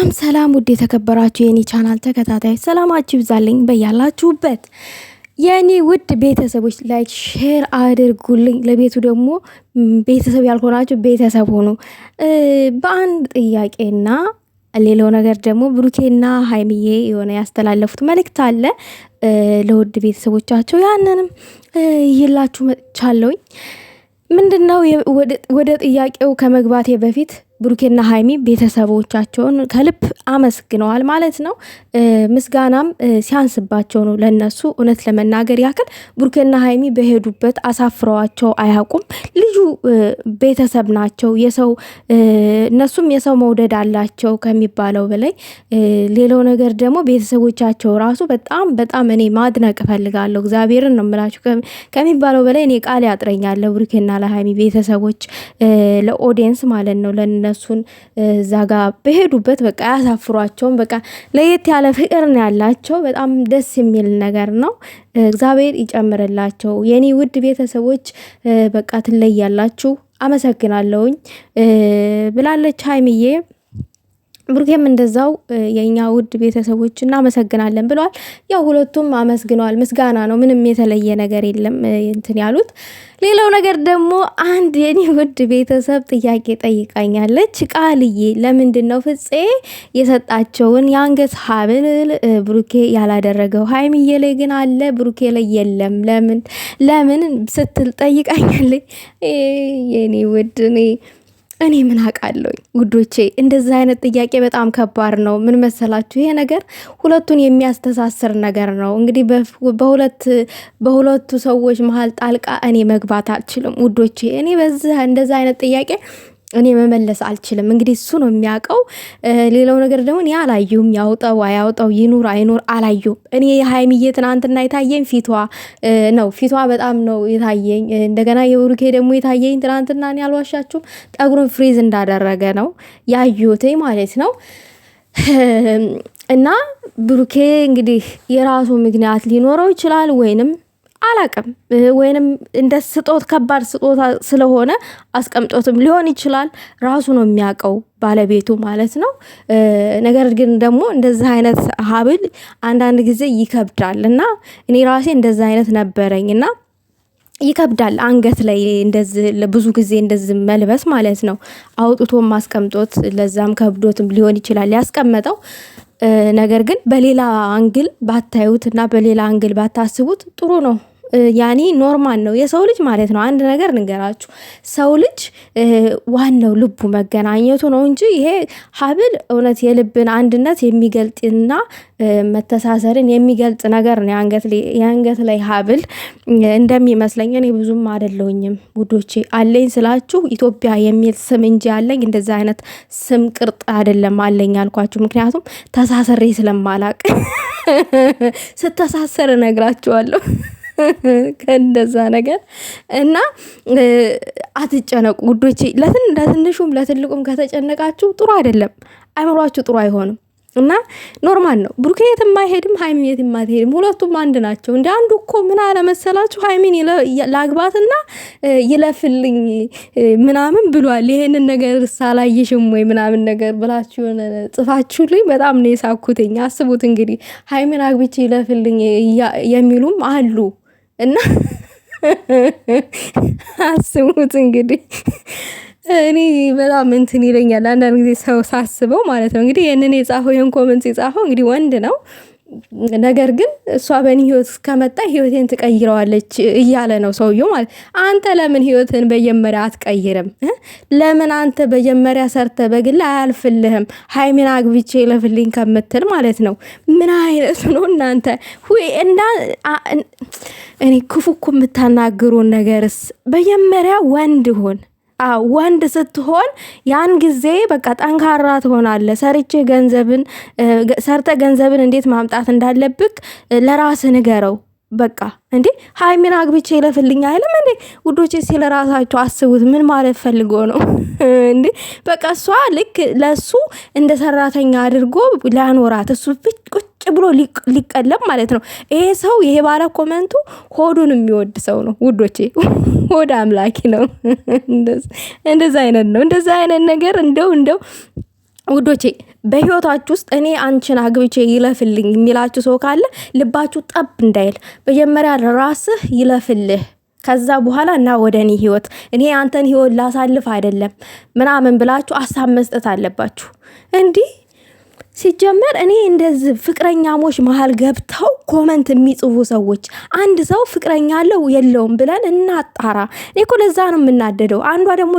ሰላም ሰላም፣ ውድ የተከበራችሁ የኔ ቻናል ተከታታይ ሰላማችሁ ይብዛልኝ በያላችሁበት። የኔ ውድ ቤተሰቦች ላይክ ሼር አድርጉልኝ። ለቤቱ ደግሞ ቤተሰብ ያልሆናችሁ ቤተሰብ ሆኑ። በአንድ ጥያቄና ሌላው ነገር ደግሞ ብሩኬና ሀይሚዬ የሆነ ያስተላለፉት መልእክት አለ ለውድ ቤተሰቦቻቸው፣ ያንንም ይላችሁ መጥቻለሁኝ። ምንድን ነው ወደ ጥያቄው ከመግባቴ በፊት ብሩኬና ሀይሚ ቤተሰቦቻቸውን ከልብ አመስግነዋል ማለት ነው። ምስጋናም ሲያንስባቸው ነው ለነሱ። እውነት ለመናገር ያክል ብሩኬና ሀይሚ በሄዱበት አሳፍረዋቸው አያውቁም። ልዩ ቤተሰብ ናቸው። የሰው እነሱም የሰው መውደድ አላቸው ከሚባለው በላይ ሌላው ነገር ደግሞ ቤተሰቦቻቸው ራሱ በጣም በጣም እኔ ማድነቅ እፈልጋለሁ። እግዚአብሔርን ነው የምላችሁ ከሚባለው በላይ እኔ ቃል ያጥረኛለሁ። ብሩኬና ለሀይሚ ቤተሰቦች ለኦዲየንስ ማለት ነው ለነ እነሱን እዛ ጋ በሄዱበት በቃ አያሳፍሯቸውም። በቃ ለየት ያለ ፍቅር ነው ያላቸው። በጣም ደስ የሚል ነገር ነው። እግዚአብሔር ይጨምርላቸው። የኔ ውድ ቤተሰቦች በቃ ትለያላችሁ። አመሰግናለሁኝ ብላለች ሀይምዬ። ብሩኬም እንደዛው የእኛ ውድ ቤተሰቦች እናመሰግናለን ብለዋል። ያው ሁለቱም አመስግነዋል። ምስጋና ነው፣ ምንም የተለየ ነገር የለም እንትን ያሉት። ሌላው ነገር ደግሞ አንድ የኔ ውድ ቤተሰብ ጥያቄ ጠይቃኛለች። ቃልዬ ለምንድን ነው ፍፄ የሰጣቸውን የአንገት ሀብል ብሩኬ ያላደረገው ሀይሚዬ ላይ ግን አለ ብሩኬ ላይ የለም ለምን ለምን ስትል ጠይቃኛለች የኔ ውድ እኔ ምን አውቃለሁ ውዶቼ፣ እንደዚህ አይነት ጥያቄ በጣም ከባድ ነው። ምን መሰላችሁ፣ ይሄ ነገር ሁለቱን የሚያስተሳስር ነገር ነው። እንግዲህ በሁለት በሁለቱ ሰዎች መሀል ጣልቃ እኔ መግባት አልችልም ውዶቼ። እኔ በዚህ እንደዚህ አይነት ጥያቄ እኔ መመለስ አልችልም። እንግዲህ እሱ ነው የሚያውቀው። ሌላው ነገር ደግሞ እኔ አላየሁም። ያውጠው አያውጠው ይኑር አይኑር አላየሁም። እኔ ሀይሚዬ ትናንትና የታየኝ ፊቷ ነው። ፊቷ በጣም ነው የታየኝ። እንደገና የብሩኬ ደግሞ የታየኝ ትናንትና እኔ አልዋሻችሁም፣ ጠጉሩን ፍሪዝ እንዳደረገ ነው ያዩትኝ ማለት ነው። እና ብሩኬ እንግዲህ የራሱ ምክንያት ሊኖረው ይችላል ወይንም አላቅም ወይንም እንደ ስጦት ከባድ ስጦታ ስለሆነ አስቀምጦትም ሊሆን ይችላል። ራሱ ነው የሚያውቀው ባለቤቱ ማለት ነው። ነገር ግን ደግሞ እንደዚህ አይነት ሀብል አንዳንድ ጊዜ ይከብዳል እና እኔ ራሴ እንደዚህ አይነት ነበረኝ እና ይከብዳል አንገት ላይ እንደዚህ ብዙ ጊዜ እንደዚህ መልበስ ማለት ነው። አውጥቶም ማስቀምጦት ለዛም ከብዶትም ሊሆን ይችላል ያስቀመጠው። ነገር ግን በሌላ አንግል ባታዩት እና በሌላ አንግል ባታስቡት ጥሩ ነው። ያኔ ኖርማል ነው የሰው ልጅ ማለት ነው። አንድ ነገር ንገራችሁ፣ ሰው ልጅ ዋናው ልቡ መገናኘቱ ነው እንጂ ይሄ ሀብል እውነት የልብን አንድነት የሚገልጥና መተሳሰርን የሚገልጥ ነገር ነው። የአንገት ላይ ሀብል እንደሚመስለኝ እኔ ብዙም አደለውኝም ውዶቼ። አለኝ ስላችሁ ኢትዮጵያ የሚል ስም እንጂ አለኝ እንደዚ አይነት ስም ቅርጥ አደለም አለኝ አልኳችሁ። ምክንያቱም ተሳሰሬ ስለማላቅ ስተሳሰር እነግራችኋለሁ። ከእንደዛ ነገር እና አትጨነቁ ውዶች ለትንሹም ለትልቁም ከተጨነቃችሁ ጥሩ አይደለም፣ አይምሯችሁ ጥሩ አይሆንም። እና ኖርማል ነው። ብሩኬ የትም አይሄድም፣ ሀይሚን የትም አትሄድም። ሁለቱም አንድ ናቸው። እንደ አንዱ እኮ ምን አለመሰላችሁ ሀይሚን ላግባትና ይለፍልኝ ምናምን ብሏል። ይሄንን ነገር ሳላየሽም ወይ ምናምን ነገር ብላችሁ ጽፋችሁልኝ በጣም ነው የሳኩትኝ። አስቡት እንግዲህ ሀይሚን አግብቼ ይለፍልኝ የሚሉም አሉ። እና አስቡት እንግዲህ እኔ በጣም እንትን ይለኛል አንዳንድ ጊዜ ሰው ሳስበው ማለት ነው። እንግዲህ ይህንን የጻፈው ይህን ኮመንት የጻፈው እንግዲህ ወንድ ነው። ነገር ግን እሷ በእኔ ህይወት እስከመጣ ህይወቴን ትቀይረዋለች እያለ ነው ሰውየ ማለት አንተ ለምን ህይወትን በጀመሪያ አትቀይርም? ለምን አንተ በጀመሪያ ሰርተ በግል አያልፍልህም? ሀይሜን አግብቼ ለፍልኝ ከምትል ማለት ነው። ምን አይነት ነው እናንተ? እና እኔ ክፉ እኮ የምታናግሩን ነገርስ፣ በጀመሪያ ወንድ ሁን። ወንድ ስትሆን ያን ጊዜ በቃ ጠንካራ ትሆናለ ሰርቼ ገንዘብን ሰርተ ገንዘብን እንዴት ማምጣት እንዳለብክ ለራስ ንገረው። በቃ እንዴ ሀይሚን አግብቼ ይለፍልኝ አይልም እንዴ? ውዶቼ ስለ ራሳቸው አስቡት። ምን ማለት ፈልጎ ነው እንዴ? በቃ እሷ ልክ ለእሱ እንደ ሰራተኛ አድርጎ ሊያኖራት እሱ ቁጭ ብሎ ሊቀለም ማለት ነው። ይሄ ሰው ይሄ ባለ ኮመንቱ ሆዱን የሚወድ ሰው ነው ውዶቼ፣ ሆድ አምላኪ ነው። እንደዛ አይነት ነው። እንደዛ አይነት ነገር እንደው እንደው ውዶቼ በህይወታችሁ ውስጥ እኔ አንቺን አግብቼ ይለፍልኝ የሚላችሁ ሰው ካለ ልባችሁ ጠብ እንዳይል፣ መጀመሪያ ራስህ ይለፍልህ። ከዛ በኋላ እና ወደ እኔ ህይወት እኔ አንተን ህይወት ላሳልፍ አይደለም ምናምን ብላችሁ አሳብ መስጠት አለባችሁ እንዲህ ሲጀመር እኔ እንደዚህ ፍቅረኛሞች መሀል ገብተው ኮመንት የሚጽፉ ሰዎች አንድ ሰው ፍቅረኛ አለው የለውም ብለን እናጣራ። እኔ እኮ ለዛ ነው የምናደደው። አንዷ ደግሞ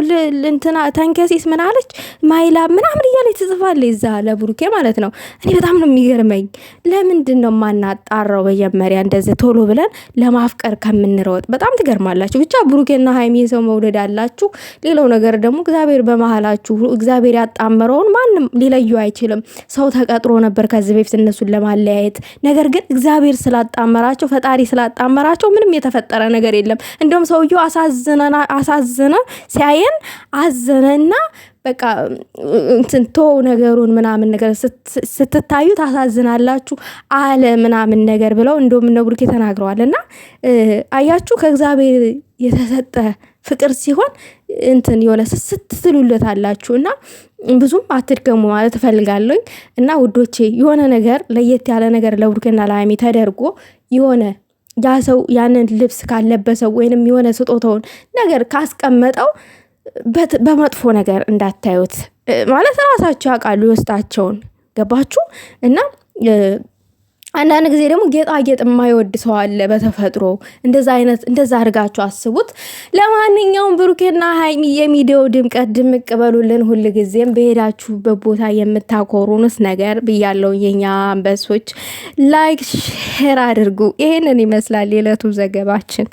እንትና ተንከሲስ ምናለች ማይላ ምናምን እያለች ትጽፋለች፣ እዛ ለብሩኬ ማለት ነው። እኔ በጣም ነው የሚገርመኝ። ለምንድን ነው የማናጣራው መጀመሪያ እንደዚህ ቶሎ ብለን ለማፍቀር ከምንረወጥ? በጣም ትገርማላችሁ። ብቻ ብሩኬና ሀይሚ ሰው መውደድ አላችሁ። ሌላው ነገር ደግሞ እግዚአብሔር በመሀላችሁ እግዚአብሔር ያጣመረውን ማንም ሊለዩ አይችልም ሰው ተቀጥሮ ነበር ከዚህ በፊት እነሱን ለማለያየት። ነገር ግን እግዚአብሔር ስላጣመራቸው ፈጣሪ ስላጣመራቸው ምንም የተፈጠረ ነገር የለም። እንደውም ሰውየው አሳዝነ ሲያየን አዘነና በቃ ትንቶ ነገሩን ምናምን ነገር ስትታዩ ታሳዝናላችሁ አለ ምናምን ነገር ብለው እንደውም እነ ተናግረዋል። እና አያችሁ ከእግዚአብሔር የተሰጠ ፍቅር ሲሆን እንትን የሆነ ስስት ትሉለት አላችሁ እና ብዙም አትድገሙ ማለት እፈልጋለኝ። እና ውዶቼ የሆነ ነገር ለየት ያለ ነገር ለብሩኬና ለሀይሚ ተደርጎ የሆነ ያ ሰው ያንን ልብስ ካለበሰው ወይንም የሆነ ስጦታውን ነገር ካስቀመጠው በመጥፎ ነገር እንዳታዩት ማለት ራሳቸው ያውቃሉ የውስጣቸውን ገባችሁ እና አንዳንድ ጊዜ ደግሞ ጌጣጌጥ የማይወድ ሰው አለ በተፈጥሮ። እንደዛ አይነት እንደዛ አድርጋችሁ አስቡት። ለማንኛውም ብሩኬና ሀይሚ የሚዲዮ ድምቀት ድምቅ በሉልን። ሁል ጊዜም በሄዳችሁበት ቦታ የምታኮሩንስ ነገር ብያለው። የኛ አንበሶች ላይክ ሼር አድርጉ። ይሄንን ይመስላል የዕለቱ ዘገባችን።